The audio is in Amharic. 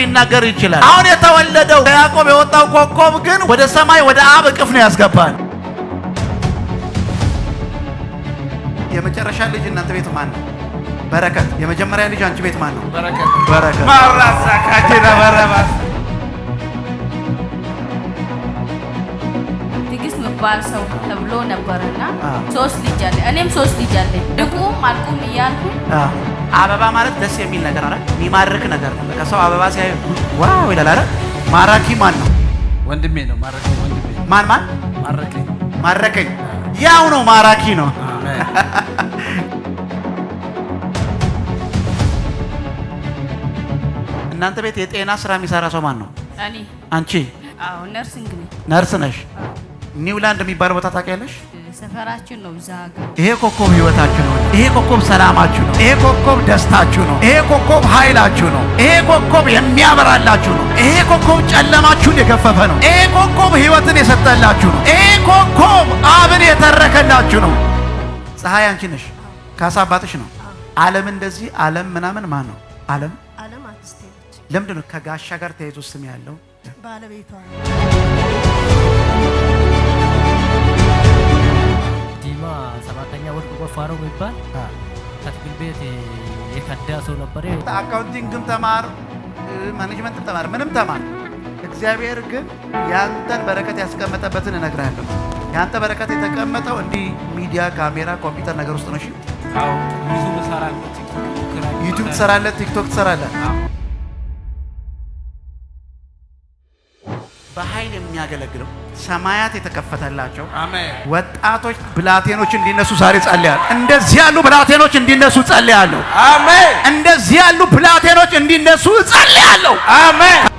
ሊናገር ይችላል። አሁን የተወለደው ከያዕቆብ የወጣው ኮከብ ግን ወደ ሰማይ ወደ አብ እቅፍ ነው ያስገባል። የመጨረሻ ልጅ እናንተ ቤት ማን ነው? በረከት። የመጀመሪያ ልጅ አንቺ ቤት ማን ነው? በረከት። በረከት ትዕግስት ሰው ተብሎ ነበርና ሶስት ልጅ አለ። እኔም ሶስት ልጅ አለ። ድቁም አልቁም እያልኩ አበባ ማለት ደስ የሚል ነገር አረ የሚማርክ ነገር ነው። በቃ ሰው አበባ ሲያይ ዋው ይላል። አረ ማራኪ ማን ነው? ወንድሜ ነው ማራኪ ወንድሜ። ማን ማን ማረከኝ፣ ማረከኝ። ያው ነው ማራኪ ነው። እናንተ ቤት የጤና ስራ የሚሰራ ሰው ማን ነው? አንቺ? አዎ ነርስ ነሽ። ኒውላንድ የሚባል ቦታ ታውቂያለሽ? ሰፈራችን ነው። እዛ ይሄ ኮከብ ህይወታችሁ ነው። ይሄ ኮከብ ሰላማችሁ ነው። ይሄ ኮከብ ደስታችሁ ነው። ይሄ ኮከብ ኃይላችሁ ነው። ይሄ ኮከብ የሚያበራላችሁ ነው። ይሄ ኮከብ ጨለማችሁን የገፈፈ ነው። ይሄ ኮከብ ህይወትን የሰጠላችሁ ነው። ይሄ ኮከብ አብን የተረከላችሁ ነው። ፀሐይ አንቺ ነሽ፣ ካሳ አባትሽ ነው። ዓለም እንደዚህ ዓለም ምናምን ማን ነው? ዓለም ለምንድን ነው ከጋሻ ጋር ተያይዞ ስም ያለው ባለቤቷ ከፍተኛ ወርቅ ቆፋሮ የሚባል ከትግል ቤት የከዳ ሰው ነበር። አካውንቲንግም ተማር፣ ማኔጅመንትም ተማር፣ ምንም ተማር። እግዚአብሔር ግን ያንተን በረከት ያስቀመጠበትን እነግርሃለሁ። ያንተ በረከት የተቀመጠው እንዲህ ሚዲያ፣ ካሜራ፣ ኮምፒውተር ነገር ውስጥ ነው። ዩቱብ ትሰራለህ፣ ቲክቶክ ትሰራለህ። በኃይል የሚያገለግለው ሰማያት የተከፈተላቸው ወጣቶች ብላቴኖች እንዲነሱ ዛሬ ጸልያለሁ። እንደዚህ ያሉ ብላቴኖች እንዲነሱ ጸልያለሁ። አሜን። እንደዚህ ያሉ ብላቴኖች እንዲነሱ ጸልያለሁ። አሜን።